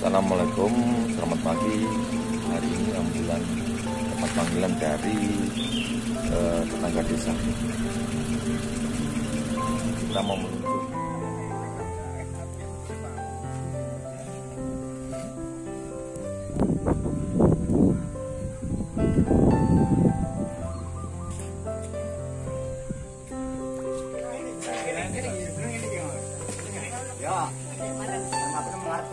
Assalamualaikum, selamat pagi. Hari ini ambulan tempat panggilan dari eh, tetangga desa. Kita mau menuju. Thank you. Ya. Kenapa nemar?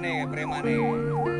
nih, prima nih.